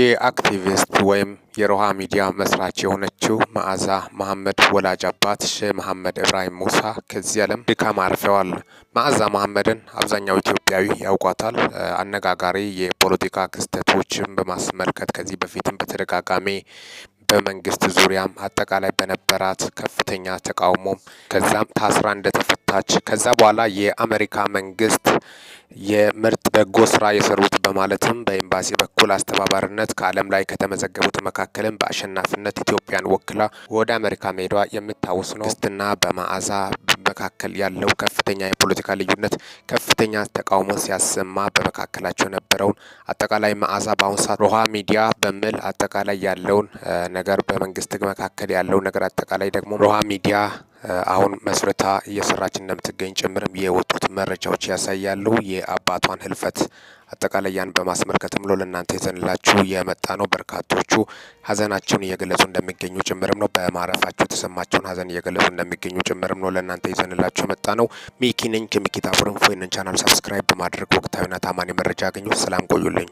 የአክቲቪስት ወይም የሮሃ ሚዲያ መስራች የሆነችው መዓዛ መሐመድ ወላጅ አባት ሼህ መሐመድ ኢብራሂም ሙሳ ከዚህ ዓለም ድካም አርፈዋል። መዓዛ መሐመድን አብዛኛው ኢትዮጵያዊ ያውቋታል። አነጋጋሪ የፖለቲካ ክስተቶችን በማስመልከት ከዚህ በፊትም በተደጋጋሚ በመንግስት ዙሪያም አጠቃላይ በነበራት ከፍተኛ ተቃውሞም ከዛም ታስራ እንደተፈ ተፈታች። ከዛ በኋላ የአሜሪካ መንግስት የምርጥ በጎ ስራ የሰሩት በማለትም በኤምባሲ በኩል አስተባባሪነት ከዓለም ላይ ከተመዘገቡት መካከልም በአሸናፊነት ኢትዮጵያን ወክላ ወደ አሜሪካ መሄዷ የምታወስ ነው። ክስትና በመዓዛ መካከል ያለው ከፍተኛ የፖለቲካ ልዩነት ከፍተኛ ተቃውሞ ሲያሰማ በመካከላቸው ነበረውን አጠቃላይ መዓዛ በአሁን ሰዓት ሮሃ ሚዲያ በሚል አጠቃላይ ያለውን ነገር በመንግስት መካከል ያለው ነገር አጠቃላይ ደግሞ ሮሃ ሚዲያ አሁን መስረታ እየሰራች እንደምትገኝ ጭምርም የወጡት መረጃዎች ያሳያሉ። የአባቷን ህልፈት አጠቃላይ ያን በማስመልከት ሎ ለእናንተ ይዘንላችሁ የመጣ ነው። በርካቶቹ ሀዘናቸውን እየገለጹ እንደሚገኙ ጭምርም ነው። በማረፋቸው የተሰማቸውን ሀዘን እየገለጹ እንደሚገኙ ጭምርም ነው። ለእናንተ የዘንላችሁ የመጣ ነው። ሚኪ ነኝ ከሚኪታ ፎረም ፎይንን ቻናል ሰብስክራይብ በማድረግ ወቅታዊና ታማኒ መረጃ ያገኙ። ሰላም ቆዩልኝ።